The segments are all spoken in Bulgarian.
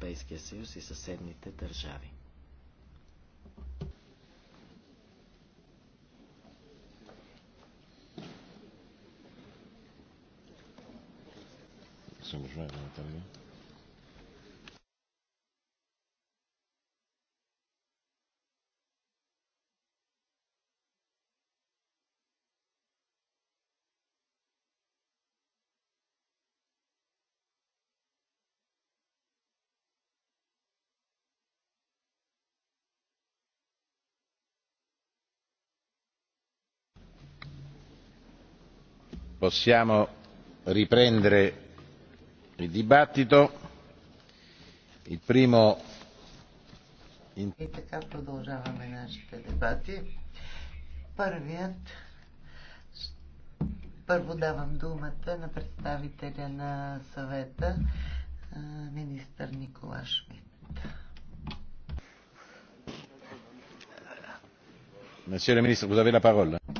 Европейския съюз и съседните държави. Съмържание на possiamo riprendere il dibattito. Il primo... И така продължаваме нашите дебати. Първият... Първо давам думата на представителя на съвета, министър Никола Шмидт.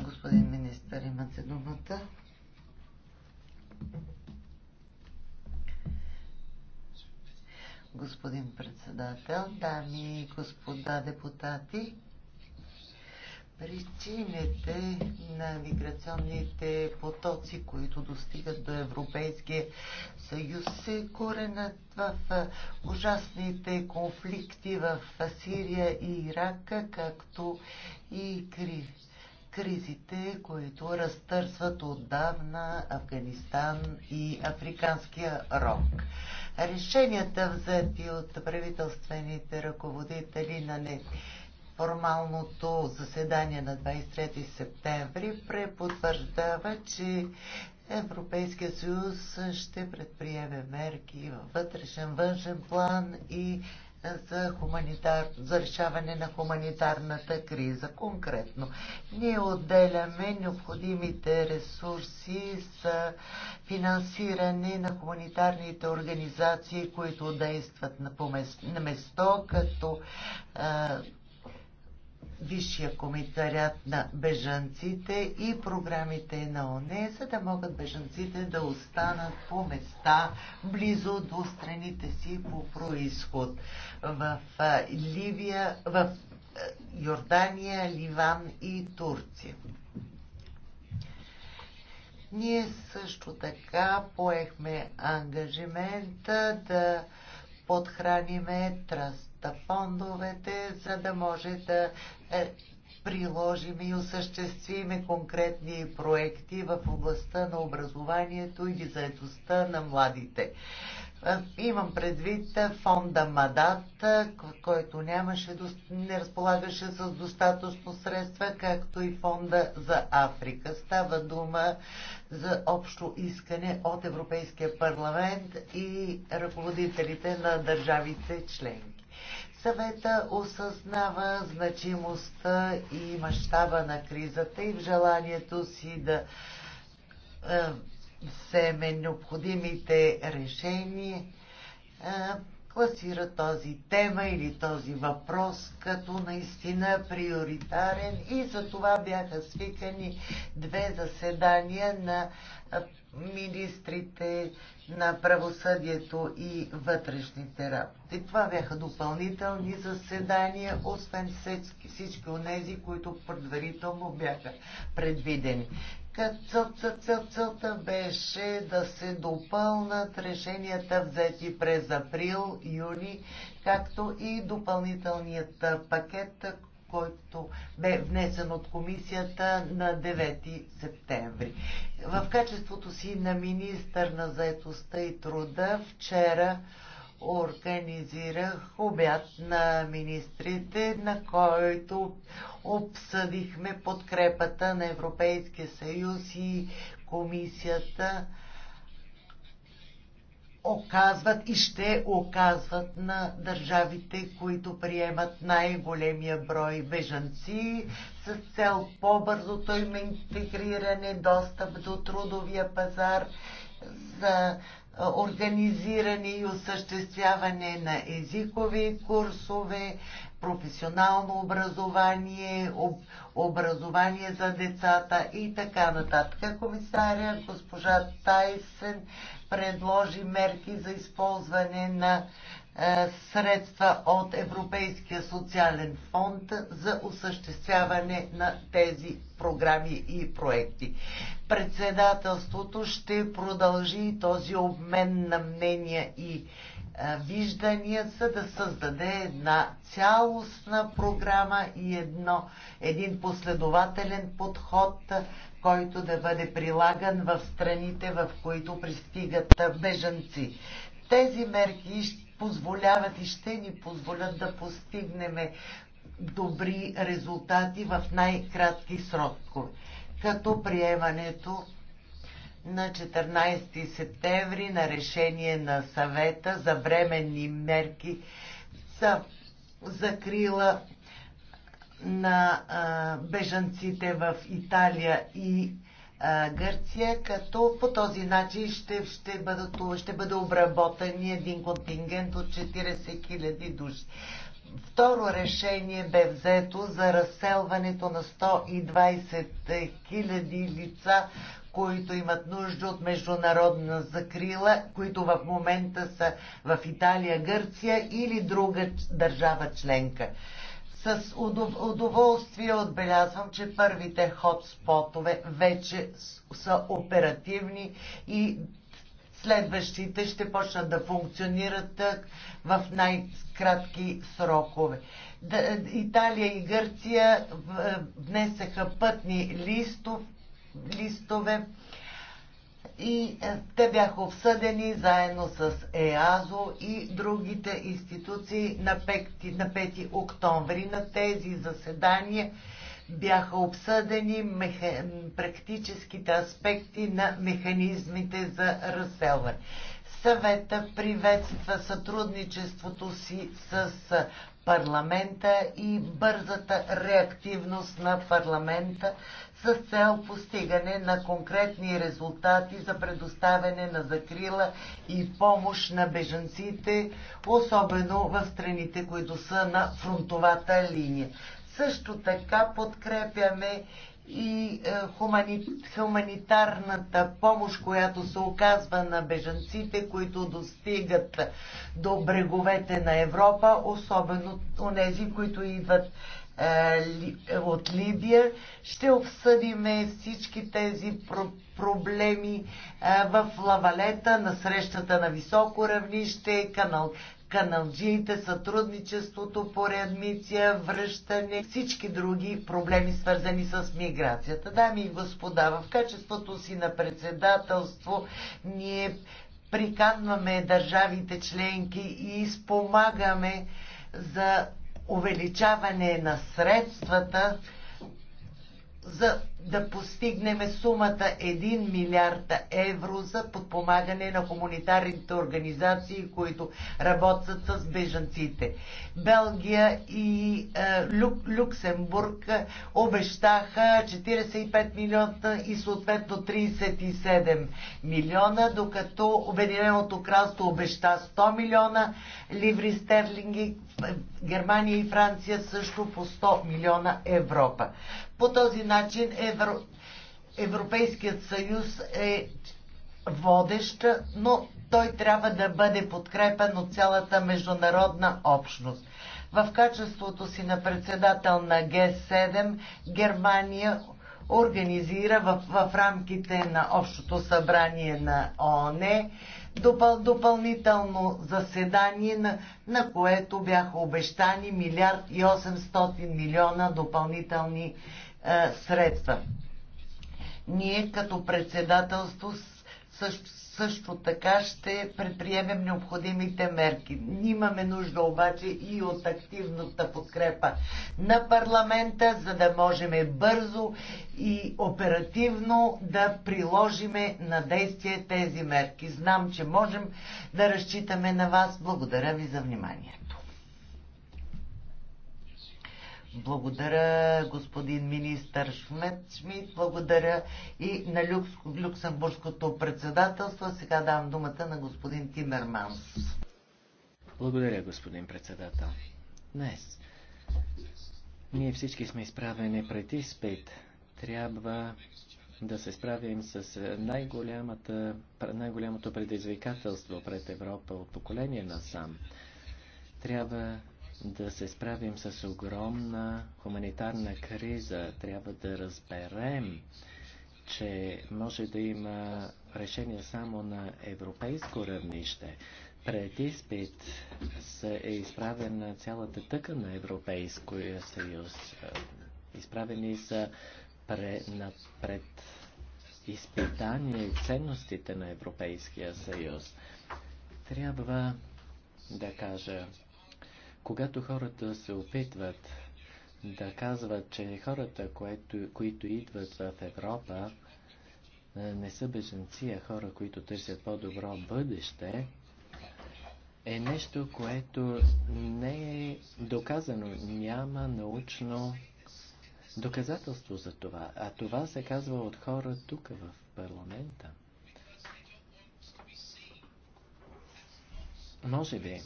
Господин министър, имате думата. Господин председател, дами и господа депутати, причините на миграционните потоци, които достигат до Европейския съюз, се коренят в ужасните конфликти в Сирия и Ирак, както и кризи кризите, които разтърсват отдавна Афганистан и африканския рок. Решенията взети от правителствените ръководители на не формалното заседание на 23 септември препотвърждава, че Европейския съюз ще предприеме мерки във вътрешен външен план и за, хуманитар, за решаване на хуманитарната криза. Конкретно, ние отделяме необходимите ресурси за финансиране на хуманитарните организации, които действат на, место, като Висшия комитарят на бежанците и програмите на ОНЕ, за да могат бежанците да останат по места близо до страните си по происход. В Ливия, в Йордания, Ливан и Турция. Ние също така поехме ангажимента да подхраниме транс фондовете, за да може да е, приложим и осъществиме конкретни проекти в областта на образованието и заедостта на младите. Имам предвид фонда Мадат, който нямаше, не разполагаше с достатъчно средства, както и фонда за Африка. Става дума за общо искане от Европейския парламент и ръководителите на държавите членки. Съвета осъзнава значимостта и мащаба на кризата и в желанието си да е, вземе необходимите решения е, класира този тема или този въпрос като наистина приоритарен и за това бяха свикани две заседания на министрите на правосъдието и вътрешните работи. Това бяха допълнителни заседания, освен всички, всички от тези, които предварително бяха предвидени. Цел, цел, целта беше да се допълнат решенията взети през април, юни, както и допълнителният пакет, който бе внесен от комисията на 9 септември. В качеството си на министър на заетостта и труда вчера организирах обяд на министрите, на който обсъдихме подкрепата на Европейския съюз и комисията оказват и ще оказват на държавите, които приемат най-големия брой бежанци с цел по-бързото им интегриране, достъп до трудовия пазар за организиране и осъществяване на езикови курсове, професионално образование, об, образование за децата и така нататък. Комисаря госпожа Тайсен предложи мерки за използване на средства от Европейския социален фонд за осъществяване на тези програми и проекти председателството ще продължи този обмен на мнения и е, виждания, за да създаде една цялостна програма и едно, един последователен подход, който да бъде прилаган в страните, в които пристигат бежанци. Тези мерки ще позволяват и ще ни позволят да постигнем добри резултати в най-кратки срокове като приемането на 14 септември на решение на съвета за временни мерки за закрила на а, бежанците в Италия и а, Гърция, като по този начин ще, ще, бъдат, ще бъде обработен един контингент от 40 000 души. Второ решение бе взето за разселването на 120 000 лица, които имат нужда от международна закрила, които в момента са в Италия, Гърция или друга държава членка. С удоволствие отбелязвам, че първите хотспотове вече са оперативни и следващите ще почнат да функционират в най-кратки срокове. Италия и Гърция внесеха пътни листов, листове и те бяха обсъдени заедно с ЕАЗО и другите институции на 5, на 5 октомври. На тези заседания бяха обсъдени меха... практическите аспекти на механизмите за разселване. Съвета приветства сътрудничеството си с парламента и бързата реактивност на парламента с цел постигане на конкретни резултати за предоставяне на закрила и помощ на бежанците, особено в страните, които са на фронтовата линия. Също така подкрепяме и е, хумани... хуманитарната помощ, която се оказва на бежанците, които достигат до бреговете на Европа, особено у нези, които идват е, от Либия. Ще обсъдиме всички тези про- проблеми е, в Лавалета на срещата на високо равнище, канал, каналджиите, сътрудничеството по реадмиция, връщане, всички други проблеми, свързани с миграцията. Дами и господа, в качеството си на председателство ние приканваме държавите членки и спомагаме за увеличаване на средствата за да постигнем сумата 1 милиард евро за подпомагане на хуманитарните организации, които работят с бежанците. Белгия и е, Люк, Люксембург обещаха 45 милиона и съответно 37 милиона, докато Обединеното кралство обеща 100 милиона ливри стерлинги, Германия и Франция също по 100 милиона Европа. По този начин е Евро... Европейският съюз е водещ, но той трябва да бъде подкрепен от цялата международна общност. В качеството си на председател на Г7 Германия организира в, в рамките на Общото събрание на ООН допъл, допълнително заседание, на, на което бяха обещани милиард и 800 милиона допълнителни е, средства. Ние като председателство също, също така ще предприемем необходимите мерки. Имаме нужда обаче и от активната подкрепа на парламента, за да можем бързо и оперативно да приложиме на действие тези мерки. Знам, че можем да разчитаме на вас. Благодаря ви за вниманието. Благодаря, господин министър Шмет шмит Благодаря и на Люкс, Люксембургското председателство. Сега давам думата на господин Тимерманс. Благодаря, господин председател. Днес ние всички сме изправени пред изпит. Трябва да се справим с най-голямото най предизвикателство пред Европа от поколение насам. Трябва да се справим с огромна хуманитарна криза. Трябва да разберем, че може да има решение само на европейско равнище. Пред изпит е изправена цялата тъка на Европейския съюз. Изправени са пред, пред изпитание и ценностите на Европейския съюз. Трябва да кажа, когато хората се опитват да казват, че хората, което, които идват в Европа, е, не са беженци, а хора, които търсят по-добро бъдеще, е нещо, което не е доказано. Няма научно доказателство за това. А това се казва от хора тук в парламента. Може би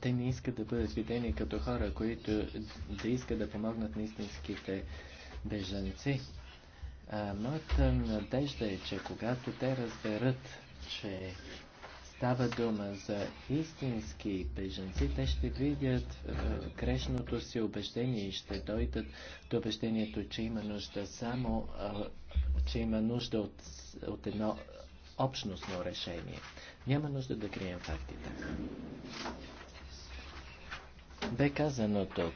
те не искат да бъдат видени като хора, които да искат да помогнат на истинските бежанци. А, моята надежда е, че когато те разберат, че става дума за истински беженци, те ще видят а, грешното си убеждение и ще дойдат до убеждението, че има нужда само, а, че има нужда от, от едно общностно решение. Няма нужда да крием фактите. Бе казано тук,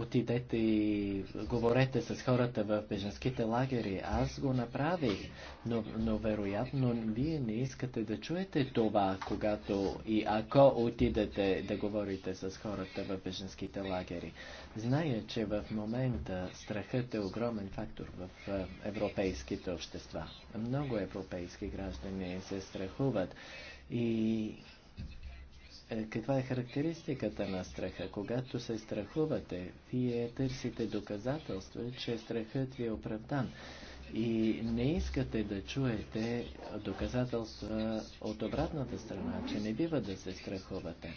Отидете и говорете с хората в беженските лагери. Аз го направих, но, но вероятно вие не искате да чуете това, когато и ако отидете да говорите с хората в беженските лагери. Зная, че в момента страхът е огромен фактор в е, европейските общества. Много европейски граждани се страхуват и е, каква е характеристиката на страха? Когато се страхувате, вие търсите доказателства, че страхът ви е оправдан. И не искате да чуете доказателства от обратната страна, че не бива да се страхувате.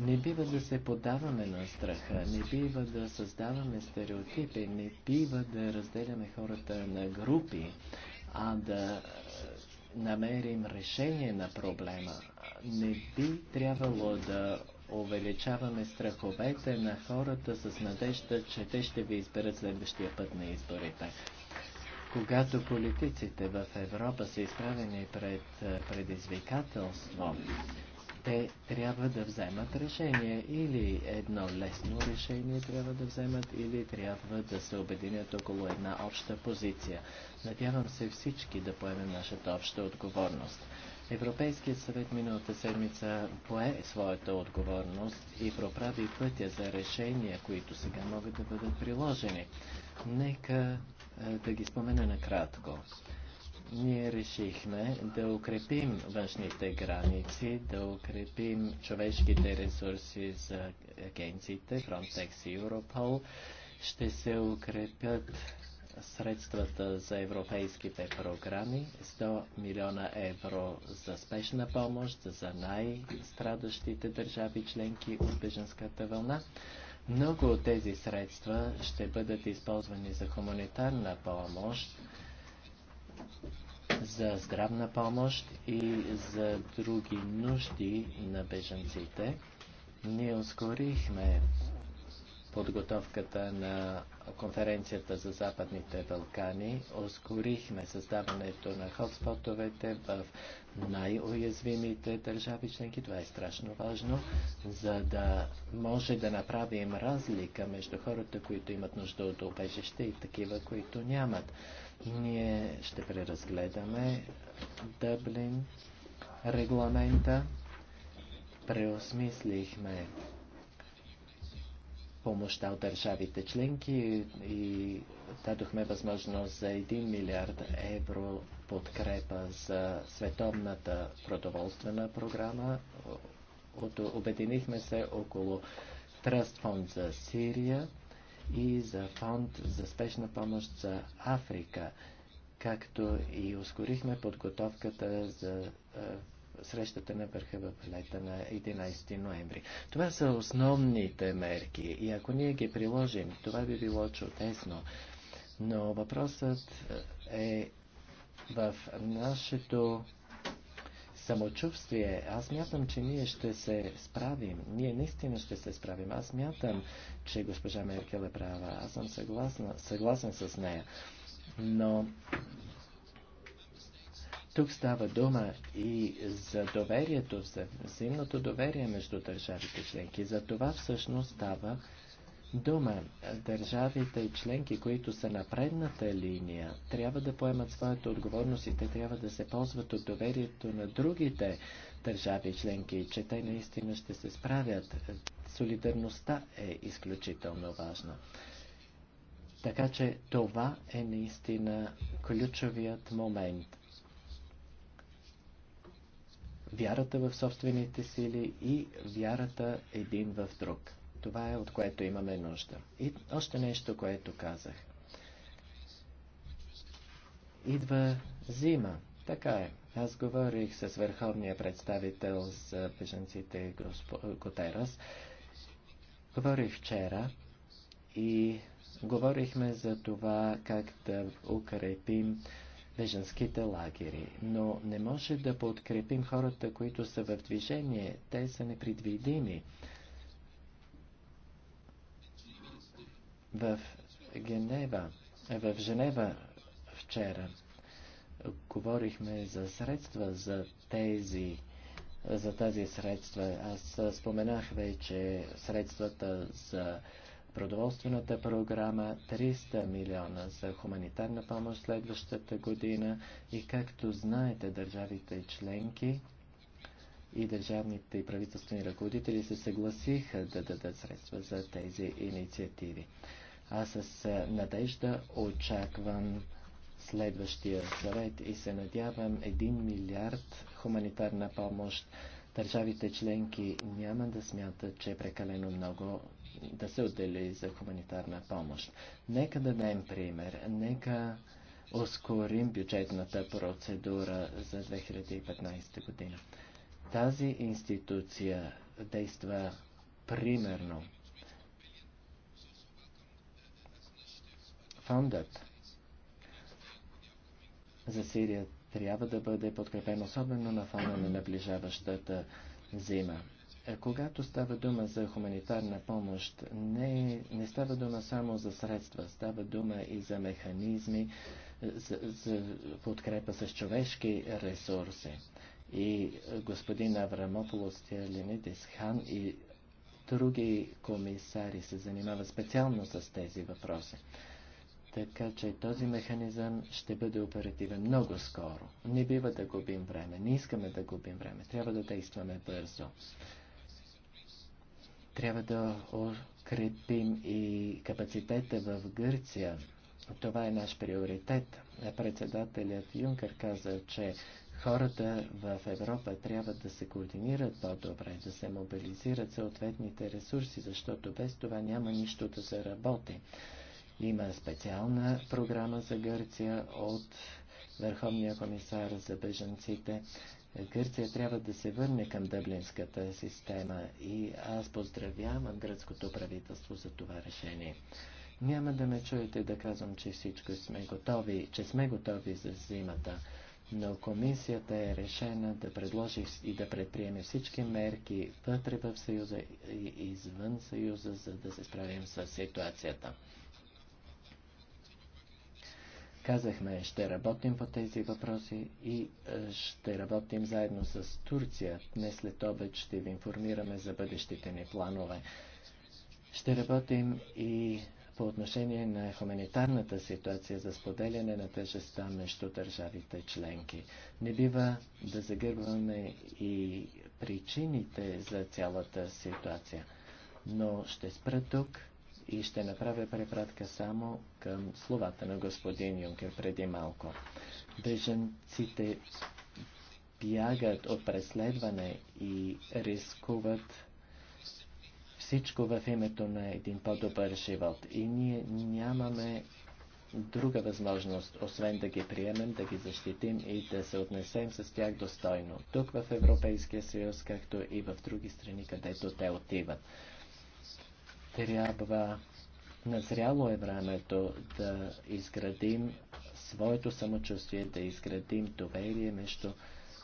Не бива да се подаваме на страха, не бива да създаваме стереотипи, не бива да разделяме хората на групи, а да намерим решение на проблема. Не би трябвало да увеличаваме страховете на хората с надежда, че те ще ви изберат следващия път на изборите. Когато политиците в Европа са изправени пред е, предизвикателство, те трябва да вземат решение. Или едно лесно решение трябва да вземат, или трябва да се обединят около една обща позиция. Надявам се всички да поемем нашата обща отговорност. Европейският съвет миналата седмица пое своята отговорност и проправи пътя за решения, които сега могат да бъдат приложени. Нека е, да ги спомена накратко ние решихме да укрепим външните граници, да укрепим човешките ресурси за агенциите Frontex и Europol. Ще се укрепят средствата за европейските програми 100 милиона евро за спешна помощ за най-страдащите държави членки от беженската вълна. Много от тези средства ще бъдат използвани за хуманитарна помощ за здравна помощ и за други нужди на беженците. Ние ускорихме подготовката на конференцията за Западните Балкани, ускорихме създаването на хотспотовете в най-уязвимите държави членки. Това е страшно важно, за да може да направим разлика между хората, които имат нужда от обежище и такива, които нямат. Ние ще преразгледаме Дъблин регламента. Преосмислихме помощта от държавите членки и дадохме възможност за 1 милиард евро подкрепа за световната продоволствена програма. Обединихме се около Тръст фонд за Сирия и за фонд за спешна помощ за Африка, както и ускорихме подготовката за срещата на върха в лета на 11 ноември. Това са основните мерки и ако ние ги приложим, това би било чудесно. Но въпросът е в нашето самочувствие. Аз мятам, че ние ще се справим. Ние наистина ще се справим. Аз мятам, че госпожа Меркел е права. Аз съм съгласна, съгласен с нея. Но тук става дума и за доверието, за взаимното доверие между държавите членки. За това всъщност става дума. Държавите и членки, които са на предната линия, трябва да поемат своята отговорност и те трябва да се ползват от доверието на другите държави членки, че те наистина ще се справят. Солидарността е изключително важна. Така че това е наистина ключовият момент. Вярата в собствените сили и вярата един в друг. Това е от което имаме нужда. И още нещо, което казах. Идва зима. Така е. Аз говорих с върховния представител за беженците Готерас. Говорих вчера и говорихме за това как да укрепим беженските лагери, но не може да подкрепим хората, които са в движение. Те са непредвидими. в Генева, в Женева вчера говорихме за средства за тези за тази средства. Аз споменах вече средствата за продоволствената програма 300 милиона за хуманитарна помощ следващата година и както знаете държавите членки и държавните и правителствени ръководители се съгласиха да дадат средства за тези инициативи. Аз с е, надежда очаквам следващия съвет и се надявам 1 милиард хуманитарна помощ. Държавите членки няма да смятат, че е прекалено много да се отдели за хуманитарна помощ. Нека да дадем пример. Нека ускорим бюджетната процедура за 2015 година. Тази институция действа примерно. фондът за Сирия трябва да бъде подкрепен, особено на фона на наближаващата зима. Е, когато става дума за хуманитарна помощ, не, не става дума само за средства, става дума и за механизми, е, за, за подкрепа с човешки ресурси. И е, господин Аврамополос Тиалинидис Хан и други комисари се занимават специално с тези въпроси. Така че този механизъм ще бъде оперативен много скоро. Не бива да губим време. Не искаме да губим време. Трябва да действаме бързо. Трябва да укрепим и капацитета в Гърция. Това е наш приоритет. Председателят Юнкер каза, че хората в Европа трябва да се координират по-добре, да се мобилизират съответните ресурси, защото без това няма нищо да заработи. работи. Има специална програма за Гърция от Върховния комисар за беженците. Гърция трябва да се върне към дъблинската система и аз поздравявам гръцкото правителство за това решение. Няма да ме чуете да казвам, че всичко сме готови, че сме готови за зимата, но комисията е решена да предложи и да предприеме всички мерки вътре в Съюза и извън Съюза, за да се справим с ситуацията. Казахме, ще работим по тези въпроси и е, ще работим заедно с Турция. Днес след обед ще ви информираме за бъдещите ни планове. Ще работим и по отношение на хуманитарната ситуация за споделяне на тежеста между държавите членки. Не бива да загърбваме и причините за цялата ситуация. Но ще спра тук и ще направя препратка само към словата на господин Юнкер преди малко. Беженците бягат от преследване и рискуват всичко в името на един по-добър живот. И ние нямаме друга възможност, освен да ги приемем, да ги защитим и да се отнесем с тях достойно. Тук в Европейския съюз, както и в други страни, където те отиват трябва назряло е времето да изградим своето самочувствие, да изградим доверие между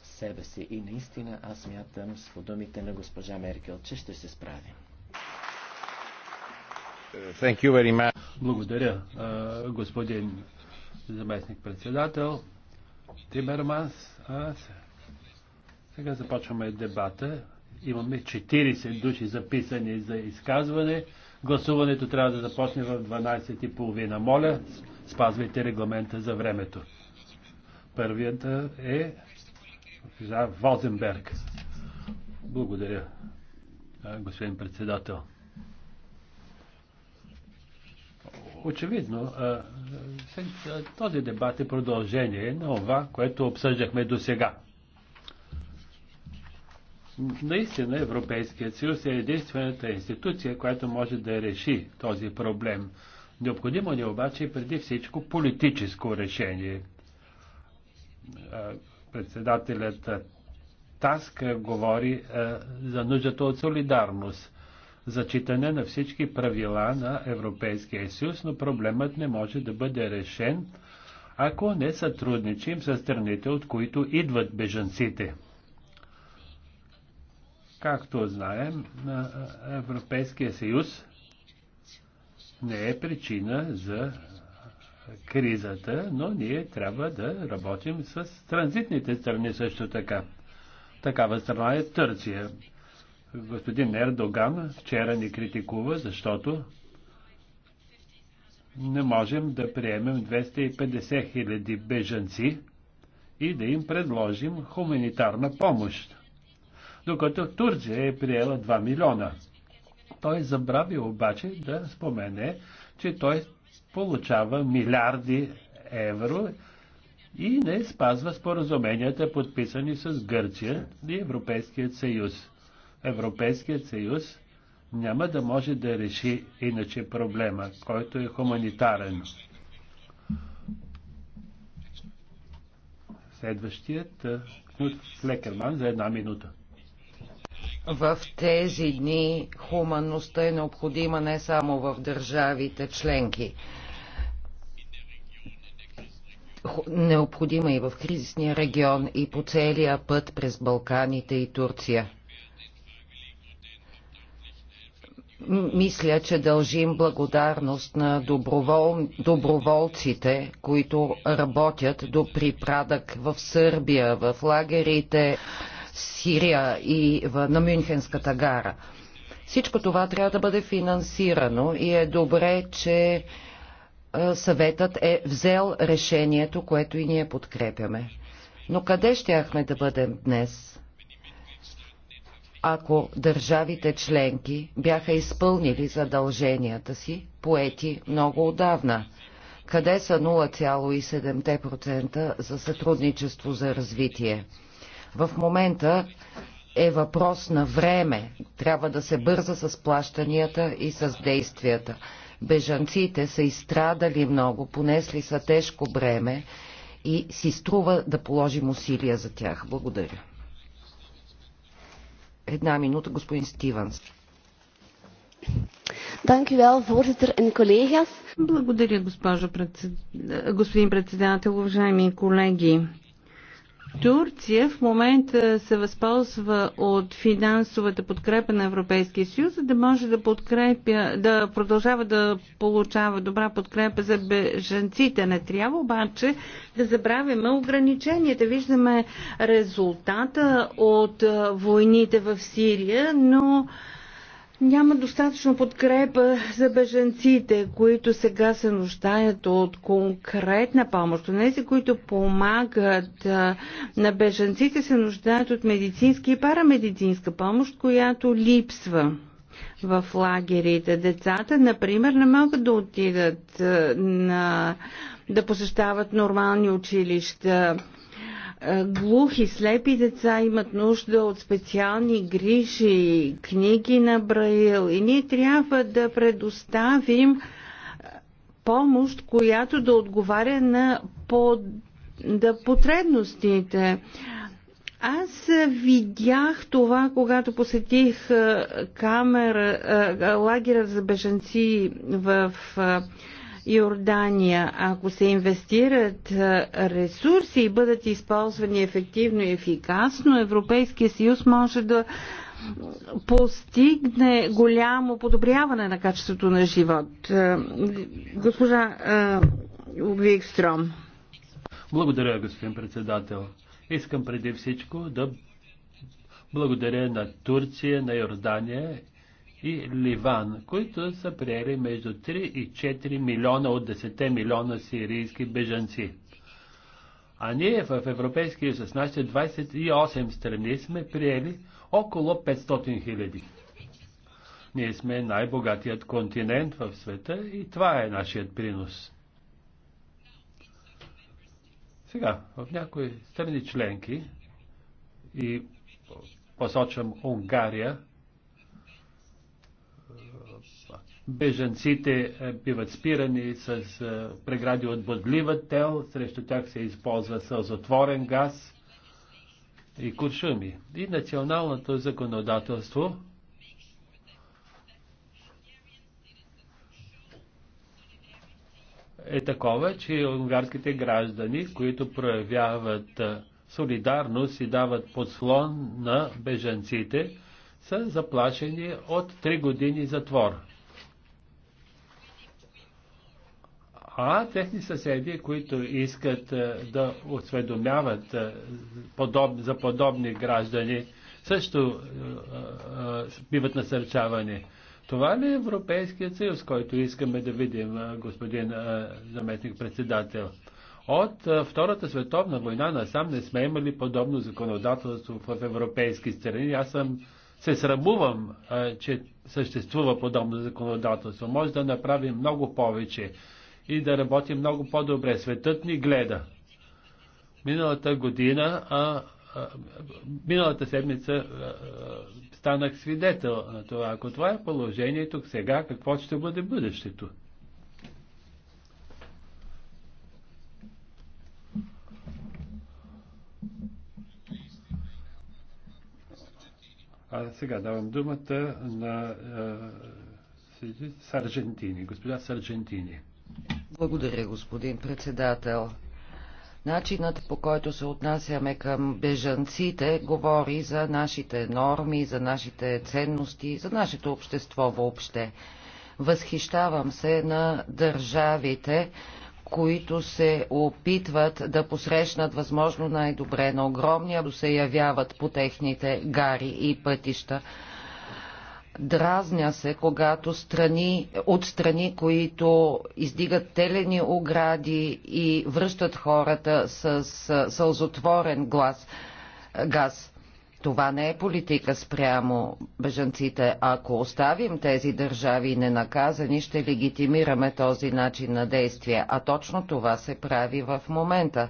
себе си. И наистина аз мятам с думите на госпожа Меркел, че ще се справим. Thank you very much. Благодаря, господин заместник председател Тимерманс. Сега започваме дебата. Имаме 40 души записани за изказване. Гласуването трябва да започне в 12.30. Моля, спазвайте регламента за времето. Първият е за Возенберг. Благодаря, господин председател. Очевидно, този дебат е продължение на това, което обсъждахме до сега. Наистина Европейският съюз е единствената институция, която може да реши този проблем. Необходимо ни е обаче преди всичко политическо решение. Председателят Таск говори за нуждата от солидарност, зачитане на всички правила на Европейския съюз, но проблемът не може да бъде решен, ако не сътрудничим с страните, от които идват бежанците. Както знаем, Европейския съюз не е причина за кризата, но ние трябва да работим с транзитните страни също така. Такава страна е Търция. Господин Ердоган вчера ни критикува, защото не можем да приемем 250 хиляди бежанци и да им предложим хуманитарна помощ докато Турция е приела 2 милиона. Той забрави обаче да спомене, че той получава милиарди евро и не спазва споразуменията, подписани с Гърция и Европейският съюз. Европейският съюз няма да може да реши иначе проблема, който е хуманитарен. Следващият е, Кнут Флекерман за една минута. В тези дни хуманността е необходима не само в държавите членки. Необходима и в кризисния регион и по целия път през Балканите и Турция. мисля, че дължим благодарност на добровол... доброволците, които работят до припрадък в Сърбия, в лагерите, Сирия и на Мюнхенската гара. Всичко това трябва да бъде финансирано и е добре, че съветът е взел решението, което и ние подкрепяме. Но къде щяхме да бъдем днес, ако държавите членки бяха изпълнили задълженията си, поети много отдавна? Къде са 0,7% за сътрудничество за развитие? в момента е въпрос на време. Трябва да се бърза с плащанията и с действията. Бежанците са изстрадали много, понесли са тежко бреме и си струва да положим усилия за тях. Благодаря. Една минута, господин Стивенс. Благодаря, госпожо господин председател, уважаеми колеги. Турция в момента се възползва от финансовата подкрепа на Европейския съюз, за да може да, подкрепя, да продължава да получава добра подкрепа за бежанците. Не трябва обаче да забравяме ограниченията. Виждаме резултата от войните в Сирия, но няма достатъчно подкрепа за беженците, които сега се нуждаят от конкретна помощ. Тези, които помагат на беженците, се нуждаят от медицинска и парамедицинска помощ, която липсва в лагерите. Децата, например, не могат да отидат на, да посещават нормални училища глухи, слепи деца имат нужда от специални грижи, книги на Браил и ние трябва да предоставим помощ, която да отговаря на под... да потребностите. Аз видях това, когато посетих камера, лагера за бежанци в Йордания, ако се инвестират ресурси и бъдат използвани ефективно и ефикасно, Европейския съюз може да постигне голямо подобряване на качеството на живот. Госпожа Викстром. Благодаря, господин председател. Искам преди всичко да благодаря на Турция, на Йордания и Ливан, които са приели между 3 и 4 милиона от 10 милиона сирийски бежанци. А ние в Европейския съюз, нашите 28 страни, сме приели около 500 хиляди. Ние сме най-богатият континент в света и това е нашият принос. Сега, в някои страни членки и посочвам Унгария, Бежанците е, биват спирани с е, прегради от бодлива тел, срещу тях се използва сълзотворен газ и куршуми. И националното законодателство е такова, че унгарските граждани, които проявяват е, солидарност и дават подслон на бежанците, са заплашени от 3 години затвор. а техни съседи, които искат е, да осведомяват е, за подобни граждани, също е, биват насърчавани. Това ли е Европейският съюз, който искаме да видим, господин заместник-председател? От Втората световна война насам не сме имали подобно законодателство в европейски страни. Аз съм се срамувам, че съществува подобно законодателство. Може да направим много повече и да работим много по-добре. Светът ни гледа. Миналата година, а, а, миналата седмица а, а, станах свидетел на това. Ако това е положението сега, какво ще бъде бъдещето? А сега давам думата на Саржентини. Господа госпожа благодаря, господин председател. Начинът по който се отнасяме към бежанците говори за нашите норми, за нашите ценности, за нашето общество въобще. Възхищавам се на държавите, които се опитват да посрещнат възможно най-добре на огромния, се явяват по техните гари и пътища. Дразня се, когато страни, от страни, които издигат телени огради и връщат хората с сълзотворен глас, газ. Това не е политика спрямо бежанците. Ако оставим тези държави ненаказани, ще легитимираме този начин на действие. А точно това се прави в момента.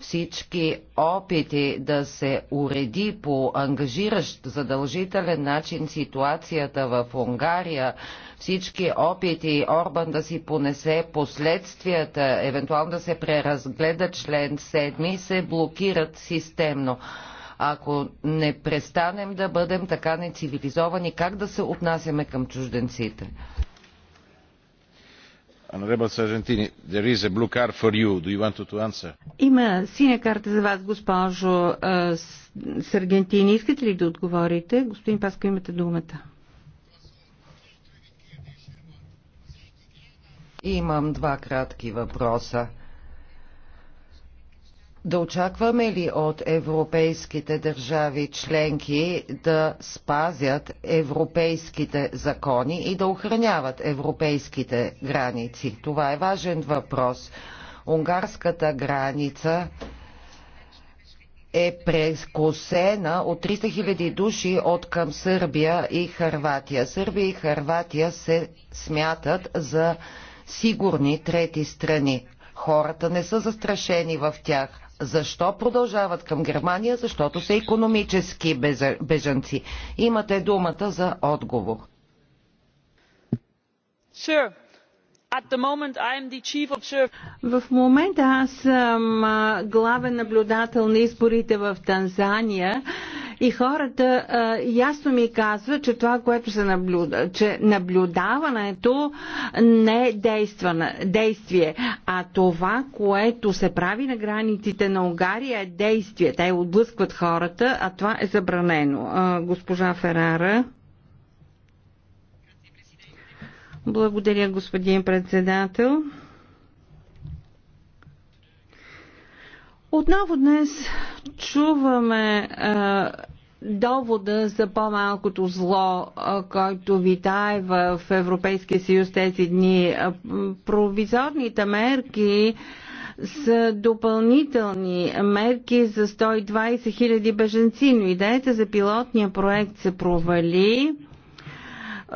Всички опити да се уреди по ангажиращ задължителен начин ситуацията в Унгария, всички опити Орбан да си понесе последствията, евентуално да се преразгледа член 7, се блокират системно ако не престанем да бъдем така нецивилизовани, как да се отнасяме към чужденците? Има синя карта за вас, госпожо Саргентини. Искате ли да отговорите? Господин Паско, имате думата. Имам два кратки въпроса. Да очакваме ли от европейските държави членки да спазят европейските закони и да охраняват европейските граници? Това е важен въпрос. Унгарската граница е прекосена от 300 000 души от към Сърбия и Харватия. Сърбия и Харватия се смятат за сигурни трети страни. Хората не са застрашени в тях. Защо продължават към Германия? Защото са економически бежанци. Имате думата за отговор. Sure. В момента аз съм главен наблюдател на изборите в Танзания и хората а, ясно ми казват, че това, което се наблюда, че наблюдаването не е действане, действие, а това, което се прави на границите на Угария е действие. Те отблъскват хората, а това е забранено. А, госпожа Ферара. Благодаря, господин председател. Отново днес чуваме а, довода за по-малкото зло, а, който витае в Европейския съюз тези дни. А, провизорните мерки са допълнителни мерки за 120 000 беженци, но идеята за пилотния проект се провали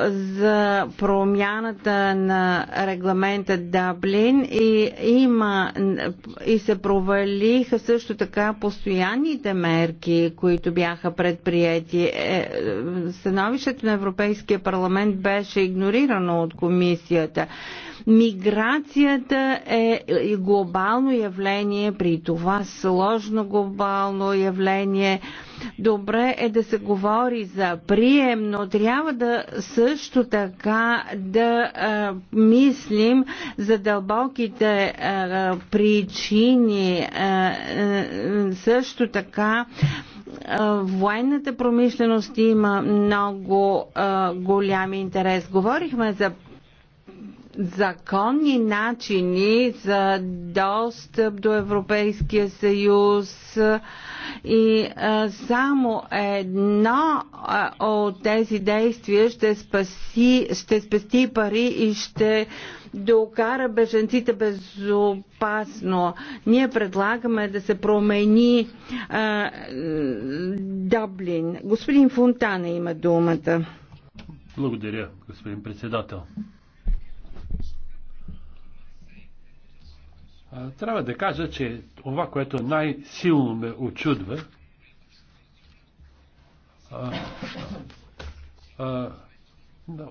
за промяната на регламента Даблин и, има, и се провалиха също така постоянните мерки, които бяха предприяти. Е, е, становището на Европейския парламент беше игнорирано от комисията. Миграцията е глобално явление, при това сложно глобално явление – Добре е да се говори за прием, но трябва да също така да а, мислим за дълбоките а, причини. А, а, също така военната промишленост има много а, голям интерес. Говорихме за законни начини за достъп до Европейския съюз и само едно от тези действия ще, спаси, ще спести пари и ще докара беженците безопасно. Ние предлагаме да се промени а, Даблин. Господин Фонтана има думата. Благодаря, господин председател. Трябва да кажа, че това, което най-силно ме очудва,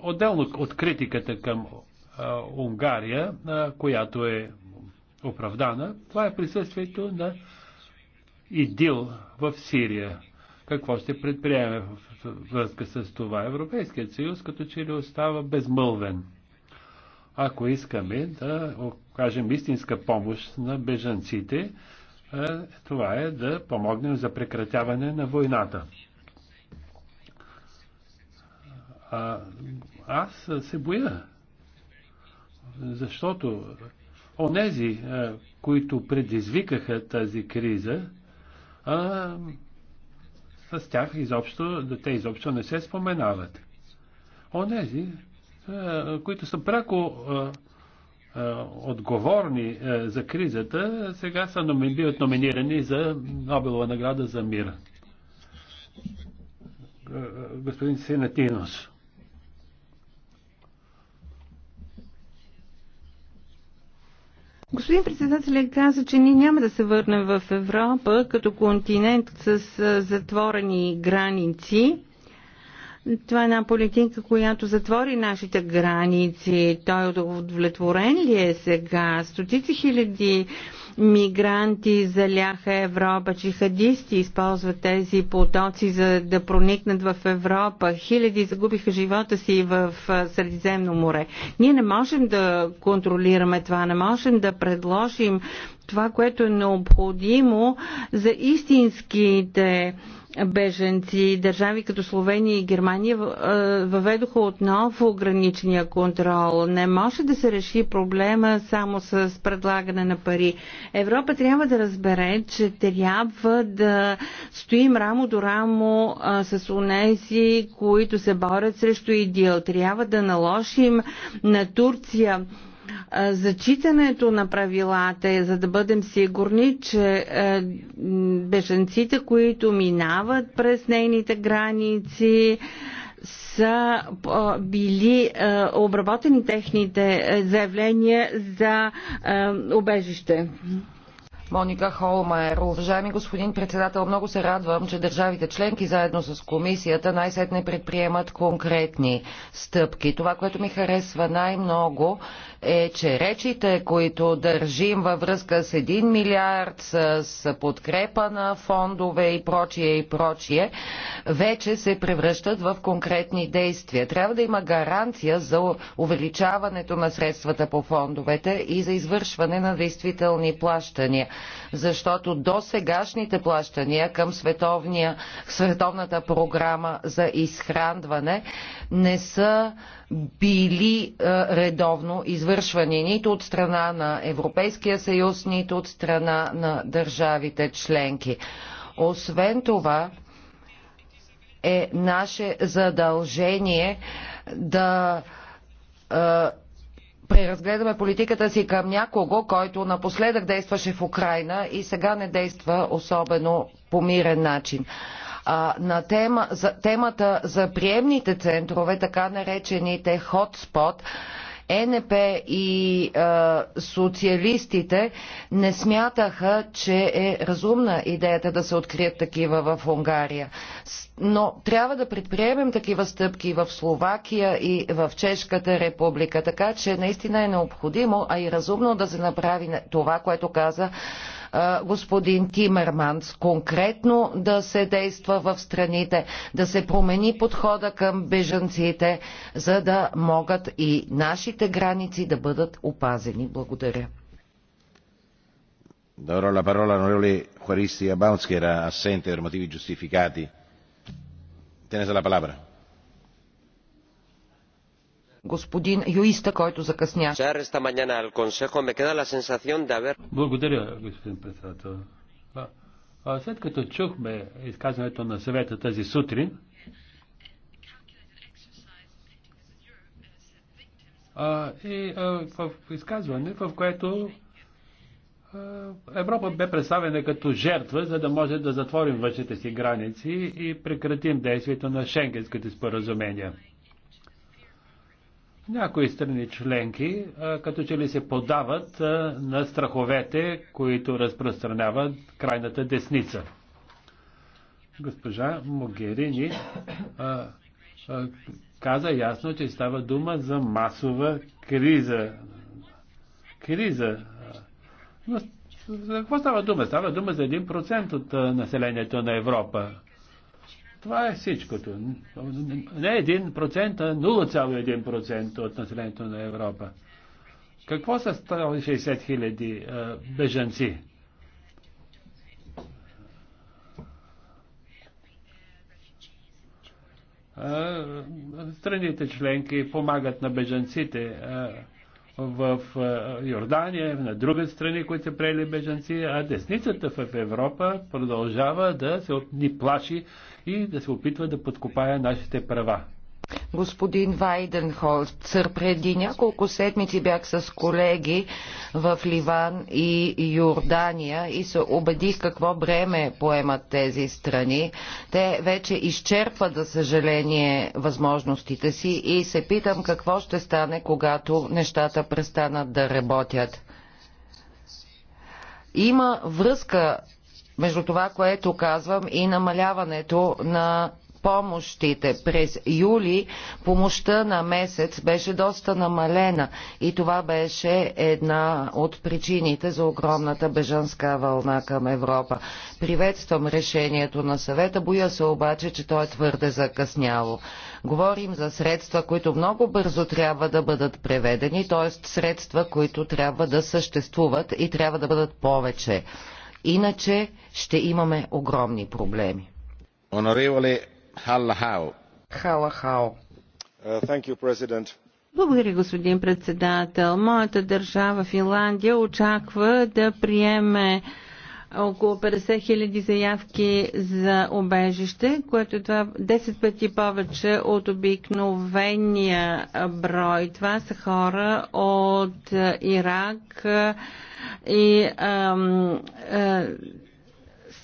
отделно от критиката към Унгария, която е оправдана, това е присъствието на ИДИЛ в Сирия. Какво ще предприеме в връзка с това? Европейският съюз като че ли остава безмълвен ако искаме да окажем истинска помощ на бежанците, е, това е да помогнем за прекратяване на войната. А, аз се боя, защото онези, е, които предизвикаха тази криза, а, е, с тях изобщо, те изобщо не се споменават. Онези, е, които са пряко е, е, отговорни за кризата, сега са биват номинирани за Нобелова награда за мир. Господин Синатинос. Господин председател, каза, че ние няма да се върнем в Европа като континент с затворени граници това е една политика, която затвори нашите граници. Той е удовлетворен ли е сега? Стотици хиляди мигранти заляха Европа, чихадисти използват тези потоци за да проникнат в Европа. Хиляди загубиха живота си в Средиземно море. Ние не можем да контролираме това, не можем да предложим това, което е необходимо за истинските беженци. Държави като Словения и Германия въведоха отново ограничения контрол. Не може да се реши проблема само с предлагане на пари. Европа трябва да разбере, че трябва да стоим рамо до рамо с унези, които се борят срещу идил. Трябва да наложим на Турция зачитането на правилата е, за да бъдем сигурни, че беженците, които минават през нейните граници, са били обработени техните заявления за обежище. Моника Холмайер. Уважаеми господин председател, много се радвам, че държавите членки заедно с комисията най-сетне предприемат конкретни стъпки. Това, което ми харесва най-много е, че речите, които държим във връзка с 1 милиард, с подкрепа на фондове и прочие и прочие, вече се превръщат в конкретни действия. Трябва да има гаранция за увеличаването на средствата по фондовете и за извършване на действителни плащания, защото до сегашните плащания към световния, световната програма за изхранване не са били е, редовно извършени извършвани нито от страна на Европейския съюз, нито от страна на държавите членки. Освен това, е наше задължение да е, преразгледаме политиката си към някого, който напоследък действаше в Украина и сега не действа особено по мирен начин. А, на тема, за, темата за приемните центрове, така наречените хотспот, е ЕНП и а, социалистите не смятаха, че е разумна идеята да се открият такива в Унгария. Но трябва да предприемем такива стъпки в Словакия и в Чешката република, така че наистина е необходимо, а и разумно да се направи това, което каза господин Тимерманс, конкретно да се действа в страните, да се промени подхода към бежанците, за да могат и нашите граници да бъдат опазени. Благодаря. Darò la parola all'onorevole Juaristi che era assente per motivi giustificati. Tenete la parola господин Юиста, който закъсня. Благодаря, господин председател. А, след като чухме изказването на съвета тази сутрин, а, и а, в изказване, в което Европа бе представена като жертва, за да може да затворим външните си граници и прекратим действието на шенгенските споразумения. Някои страни членки като че ли се подават на страховете, които разпространяват крайната десница. Госпожа Могерини а, а, каза ясно, че става дума за масова криза. Криза. Но за какво става дума? Става дума за 1% от населението на Европа. Това е всичкото. Не 1%, а 0,1% от населението на Европа. Какво са 160 хиляди бежанци? Страните членки помагат на бежанците в Йордания, на други страни, които са приели бежанци, а десницата в Европа продължава да се ни плаши и да се опитва да подкопая нашите права. Господин Вайденхолцер, преди няколко седмици бях с колеги в Ливан и Йордания и се убедих какво бреме поемат тези страни. Те вече изчерпват, за съжаление, възможностите си и се питам какво ще стане, когато нещата престанат да работят. Има връзка между това, което казвам и намаляването на помощите. През юли помощта на месец беше доста намалена и това беше една от причините за огромната бежанска вълна към Европа. Приветствам решението на съвета, боя се обаче, че то е твърде закъсняло. Говорим за средства, които много бързо трябва да бъдат преведени, т.е. средства, които трябва да съществуват и трябва да бъдат повече. Иначе ще имаме огромни проблеми. Оноревали Халахао. Халахао. благодаря, господин председател. Моята държава Финландия очаква да приеме около 50 хиляди заявки за обежище, което е това 10 пъти повече от обикновения брой. Това са хора от Ирак и ам, а, е,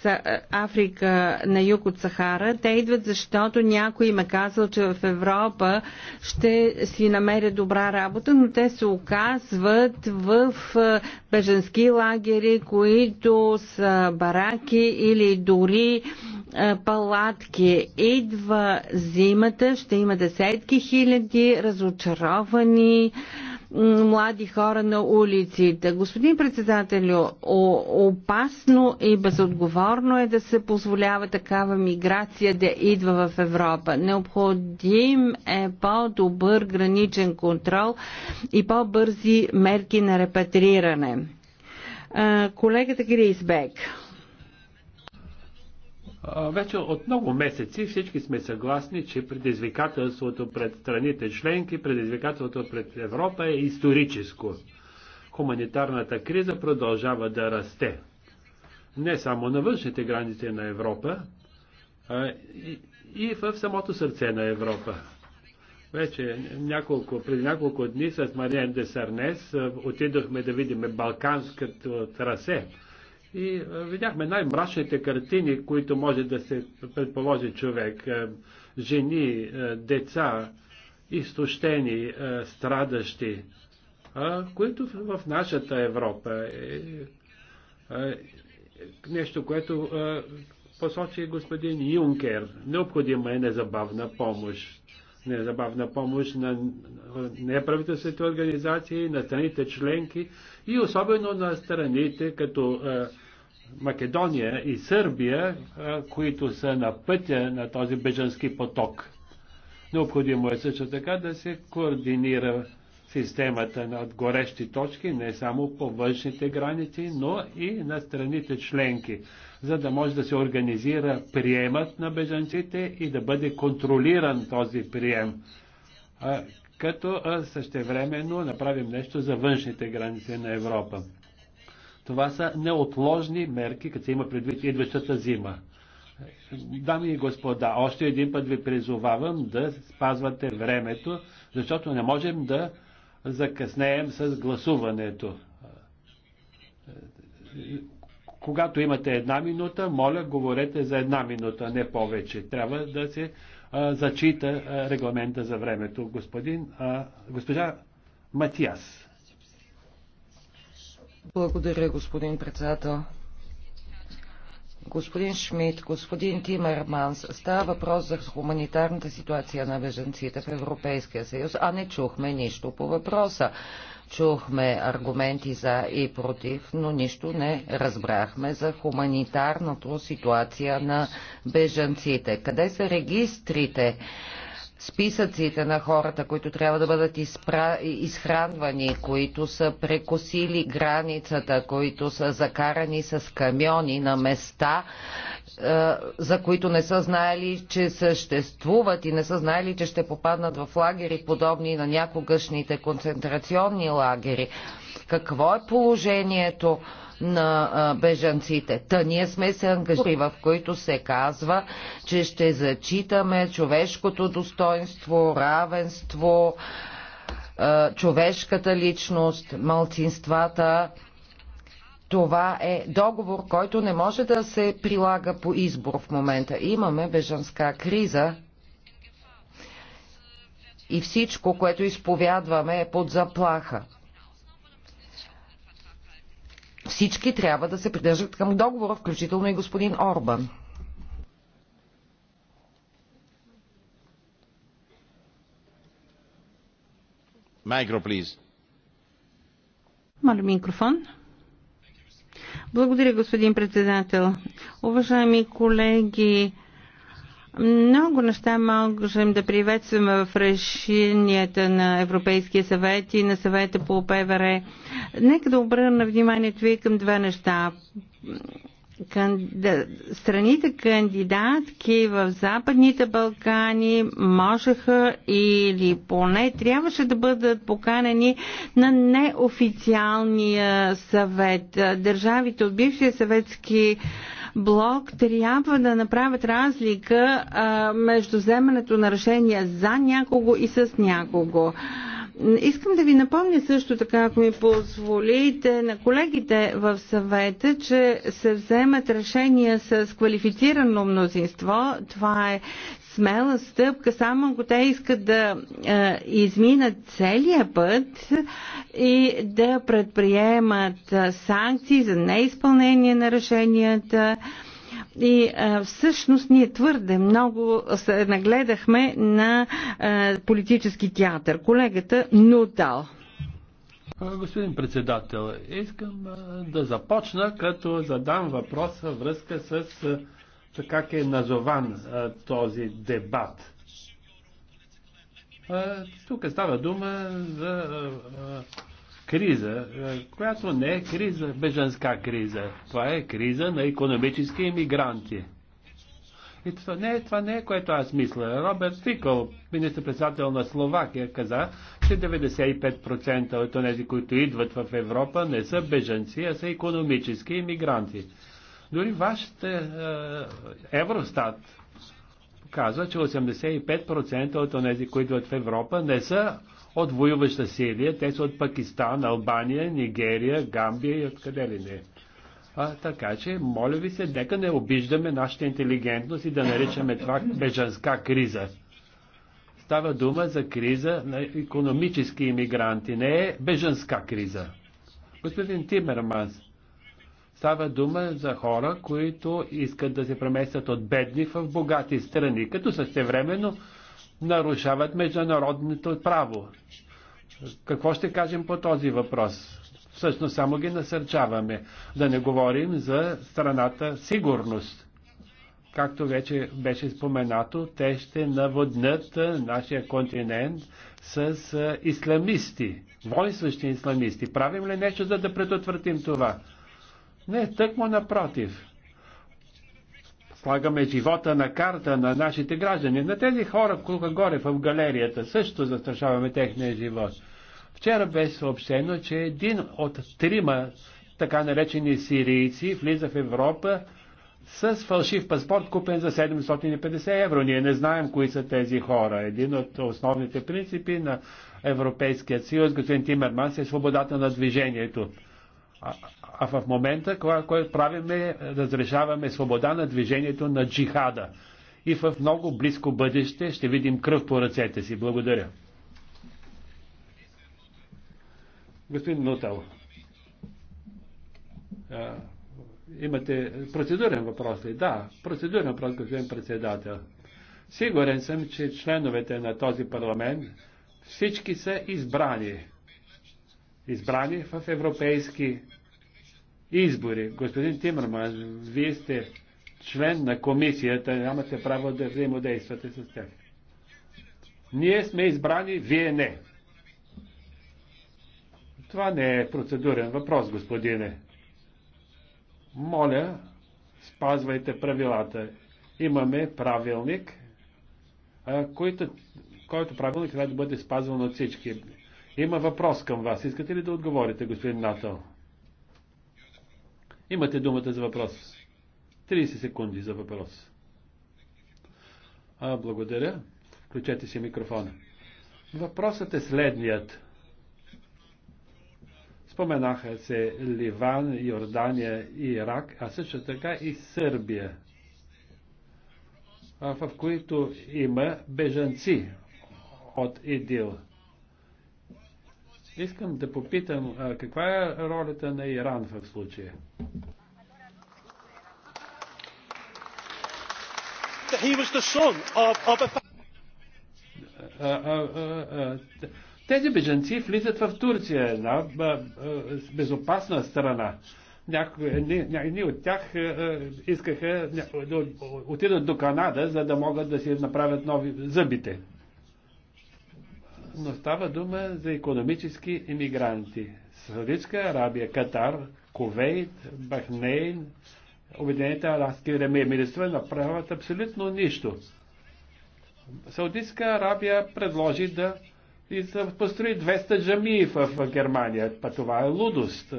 е, Африка на юг от Сахара. Те идват, защото някой им е казал, че в Европа ще си намеря добра работа, но те се оказват в е, беженски лагери, които са бараки или дори е, палатки. Идва зимата, ще има десетки хиляди разочаровани млади хора на улиците. Господин председателю, опасно и безотговорно е да се позволява такава миграция да идва в Европа. Необходим е по-добър граничен контрол и по-бързи мерки на репатриране. Колегата Грисбек. Вече от много месеци всички сме съгласни, че предизвикателството пред страните членки, предизвикателството пред Европа е историческо. Хуманитарната криза продължава да расте. Не само на външните граници на Европа, а и в самото сърце на Европа. Вече няколко, преди няколко дни с Мариен Десарнес отидохме да видим Балканското трасе и е, видяхме най-мрачните картини, които може да се предположи човек. Е, жени, е, деца, изтощени, страдащи, които в нашата Европа е нещо, което посочи господин Юнкер. Необходима е незабавна помощ. Незабавна помощ на неправителствените организации, на страните членки и особено на страните като Македония и Сърбия, които са на пътя на този бежански поток. Необходимо е също така да се координира системата на горещи точки, не само по външните граници, но и на страните членки, за да може да се организира приемът на бежанците и да бъде контролиран този прием. като същевременно направим нещо за външните граници на Европа. Това са неотложни мерки, като се има предвид идващата зима. Дами и господа, още един път ви призовавам да спазвате времето, защото не можем да закъснеем с гласуването. Когато имате една минута, моля, говорете за една минута, не повече. Трябва да се зачита регламента за времето. Господин, а, госпожа Матиас. Благодаря, господин председател. Господин Шмидт, господин Тимерманс, става въпрос за хуманитарната ситуация на беженците в Европейския съюз, а не чухме нищо по въпроса. Чухме аргументи за и против, но нищо не разбрахме за хуманитарната ситуация на беженците. Къде са регистрите? списъците на хората, които трябва да бъдат изпра... изхранвани, които са прекосили границата, които са закарани с камиони на места, е, за които не са знаели, че съществуват и не са знаели, че ще попаднат в лагери, подобни на някогашните концентрационни лагери. Какво е положението на бежанците? Та ние сме се ангажирали, в които се казва, че ще зачитаме човешкото достоинство, равенство, човешката личност, малцинствата. Това е договор, който не може да се прилага по избор в момента. Имаме бежанска криза и всичко, което изповядваме е под заплаха всички трябва да се придържат към договора, включително и господин Орбан. Micro, please. Моля микрофон. Благодаря, господин председател. Уважаеми колеги, много неща можем да приветстваме в решенията на Европейския съвет и на съвета по ПВР. Нека да обърна вниманието ви към две неща страните кандидатки в Западните Балкани можеха или поне трябваше да бъдат поканени на неофициалния съвет. Държавите от бившия съветски блок трябва да направят разлика а, между вземането на решения за някого и с някого. Искам да ви напомня също така, ако ми позволите, на колегите в съвета, че се вземат решения с квалифицирано мнозинство. Това е смела стъпка, само ако те искат да е, изминат целия път и да предприемат е, санкции за неизпълнение на решенията. Е, и а, всъщност ние твърде много се нагледахме на а, политически театър. Колегата Нутал. Господин председател, искам да започна, като задам въпроса връзка с как е назован този дебат. Тук става дума за криза, е, която не е криза, беженска криза. Това е криза на економически иммигранти. И това не е, това не е, което аз мисля. Роберт Фикъл, министр-председател на Словакия, каза, че 95% от тези, които идват в Европа, не са беженци, а са економически иммигранти. Дори вашите е, Евростат казва, че 85% от тези, които идват в Европа, не са от воюваща Сирия, те са от Пакистан, Албания, Нигерия, Гамбия и откъде ли не. А, така че, моля ви се, нека не обиждаме нашата интелигентност и да наричаме това бежанска криза. Става дума за криза на економически иммигранти, не е бежанска криза. Господин Тимерманс, става дума за хора, които искат да се преместят от бедни в богати страни, като същевременно времено нарушават международното право. Какво ще кажем по този въпрос? Всъщност само ги насърчаваме. Да не говорим за страната сигурност. Както вече беше споменато, те ще наводнат нашия континент с исламисти, воинстващи исламисти. Правим ли нещо, за да предотвратим това? Не, тъкмо напротив слагаме живота на карта на нашите граждани. На тези хора, които горе в галерията, също застрашаваме техния живот. Вчера бе съобщено, че един от трима така наречени сирийци влиза в Европа с фалшив паспорт, купен за 750 евро. Ние не знаем кои са тези хора. Един от основните принципи на Европейския съюз, господин Тимерман, е свободата на движението. А, а в момента, който правим, е разрешаваме свобода на движението на джихада. И в много близко бъдеще ще видим кръв по ръцете си. Благодаря. Господин Нутел, имате процедурен въпрос ли? Да, процедурен въпрос, господин председател. Сигурен съм, че членовете на този парламент всички са избрани избрани в европейски избори. Господин Тимърман, вие сте член на комисията, нямате право да взаимодействате с тях. Ние сме избрани, вие не. Това не е процедурен въпрос, господине. Моля, спазвайте правилата. Имаме правилник, който правилник трябва да бъде спазван от всички. Има въпрос към вас. Искате ли да отговорите, господин Натал? Имате думата за въпрос. 30 секунди за въпрос. А, благодаря. Включете си микрофона. Въпросът е следният. Споменаха се Ливан, Йордания и Ирак, а също така и Сърбия, в които има бежанци от ИДИЛ. Искам да попитам, а, каква е ролята на Иран в случая? тези беженци влизат в Турция, една безопасна страна. Едни от тях искаха да отидат до Канада, за да могат да си направят нови зъбите но става дума за економически иммигранти. Саудитска Арабия, Катар, Кувейт, Бахнейн, Обединените арабски емирства направят абсолютно нищо. Саудитска Арабия предложи да построи 200 джамии в Германия. Па това е лудост.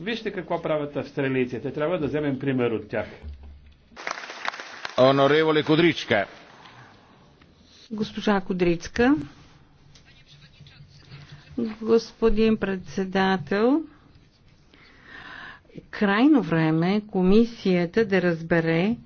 Вижте какво правят австралийците. Трябва да вземем пример от тях. Онореволе Кудричка. Госпожа Кудрицка. Господин председател, крайно време е комисията да разбере,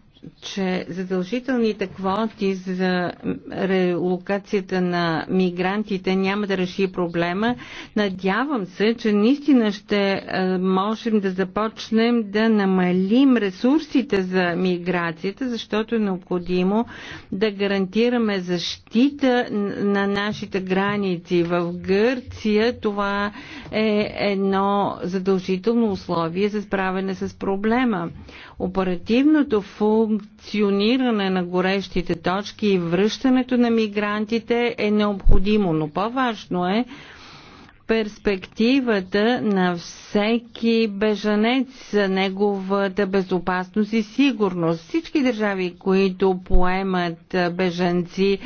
че задължителните квоти за релокацията на мигрантите няма да реши проблема. Надявам се, че наистина ще е, можем да започнем да намалим ресурсите за миграцията, защото е необходимо да гарантираме защита на нашите граници. В Гърция това е едно задължително условие за справяне с проблема. Оперативното функциониране на горещите точки и връщането на мигрантите е необходимо, но по-важно е перспективата на всеки бежанец, неговата безопасност и сигурност. Всички държави, които поемат бежанци,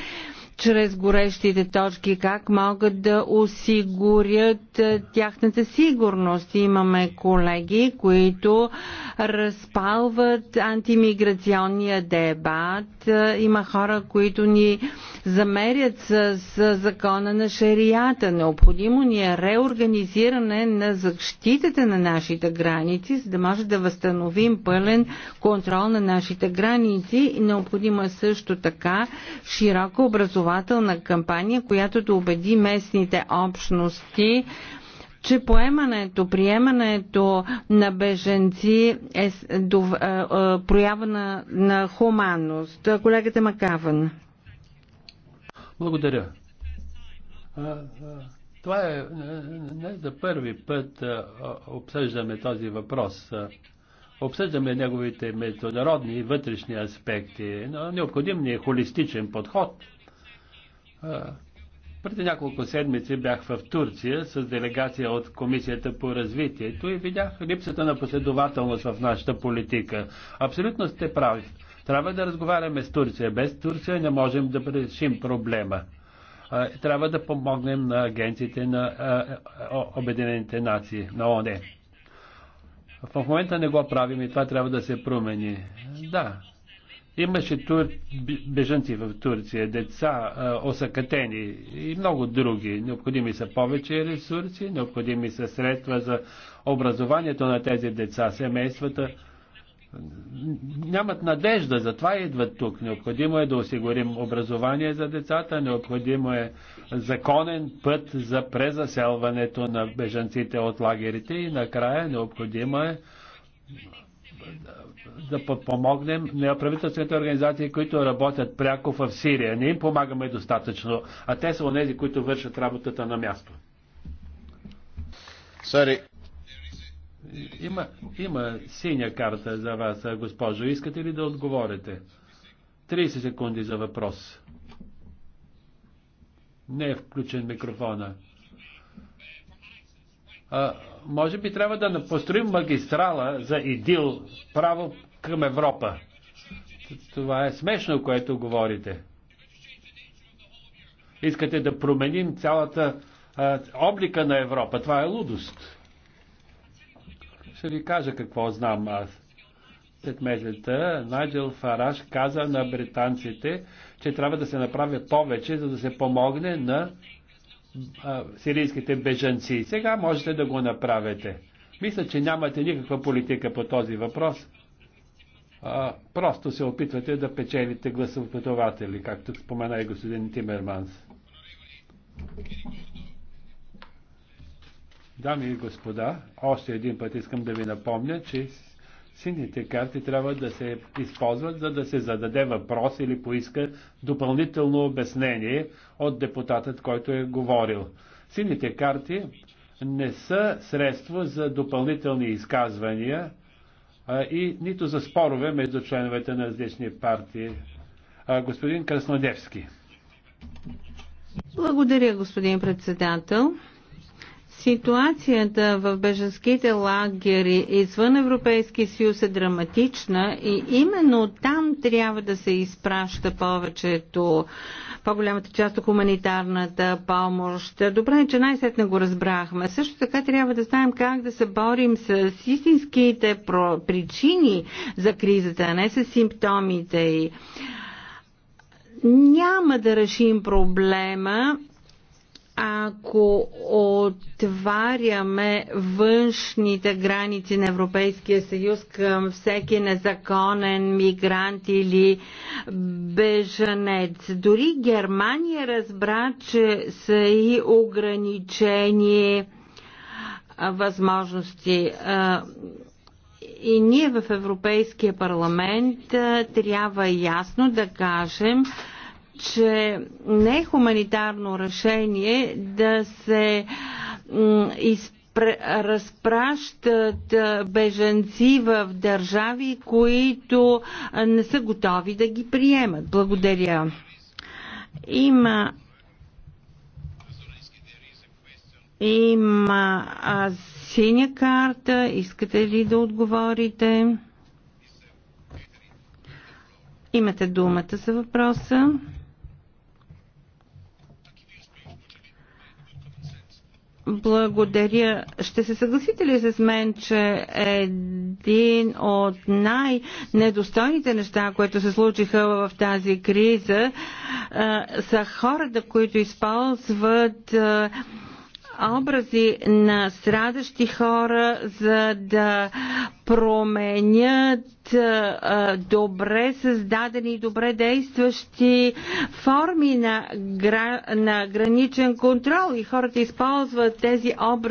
чрез горещите точки, как могат да осигурят е, тяхната сигурност. Имаме колеги, които разпалват антимиграционния дебат. Е, има хора, които ни замерят с, с закона на шарията. Необходимо ни е реорганизиране на защитата на нашите граници, за да може да възстановим пълен контрол на нашите граници. Необходимо е също така широко образование образователна кампания, която да убеди местните общности, че поемането, приемането на беженци е, е, е проява на, на хуманност. Колегата Макаван. Благодаря. Това е, е не за първи път обсъждаме този въпрос. Обсъждаме неговите международни и вътрешни аспекти, необходим ни е холистичен подход – преди няколко седмици бях в Турция с делегация от Комисията по развитието и видях липсата на последователност в нашата политика. Абсолютно сте прави. Трябва да разговаряме с Турция. Без Турция не можем да решим проблема. Трябва да помогнем на агенциите на Обединените нации, на ОНЕ. В момента не го правим и това трябва да се промени. Да, Имаше тур... бежанци в Турция, деца, осъкатени и много други. Необходими са повече ресурси, необходими са средства за образованието на тези деца, семействата. Нямат надежда, затова идват тук. Необходимо е да осигурим образование за децата, необходимо е законен път за презаселването на бежанците от лагерите и накрая необходимо е да подпомогнем неправителствените организации, които работят пряко в Сирия. Не им помагаме достатъчно, а те са онези, които вършат работата на място. Sorry. Има, има синя карта за вас, госпожо. Искате ли да отговорите? 30 секунди за въпрос. Не е включен микрофона. А, може би трябва да построим магистрала за идил право към Европа. Това е смешно, което говорите. Искате да променим цялата а, облика на Европа. Това е лудост. Ще ви кажа какво знам аз. След месеца Найджел Фараш каза на британците, че трябва да се направят повече, за да се помогне на а, сирийските бежанци. Сега можете да го направите. Мисля, че нямате никаква политика по този въпрос. А, просто се опитвате да печелите гласоподаватели, както спомена и господин Тимерманс. Дами и господа, още един път искам да ви напомня, че сините карти трябва да се използват, за да се зададе въпрос или поиска допълнително обяснение от депутатът, който е говорил. Сините карти не са средство за допълнителни изказвания а, и нито за спорове между членовете на различни партии. А, господин Краснодевски. Благодаря, господин председател. Ситуацията в беженските лагери извън Европейския съюз е драматична и именно там трябва да се изпраща повечето, по-голямата част от хуманитарната помощ. Добре, че най-сетне го разбрахме. Също така трябва да знаем как да се борим с истинските причини за кризата, а не с симптомите и. няма да решим проблема ако отваряме външните граници на Европейския съюз към всеки незаконен мигрант или бежанец. Дори Германия разбра, че са и ограничени възможности. И ние в Европейския парламент трябва ясно да кажем, че не е хуманитарно решение да се разпращат беженци в държави, които не са готови да ги приемат. Благодаря. Има има синя карта. Искате ли да отговорите? Имате думата за въпроса. Благодаря. Ще се съгласите ли с мен, че един от най-недостойните неща, които се случиха в тази криза, са хората, които използват образи на страдащи хора, за да променят добре създадени и добре действащи форми на, гра... на граничен контрол и хората използват тези образи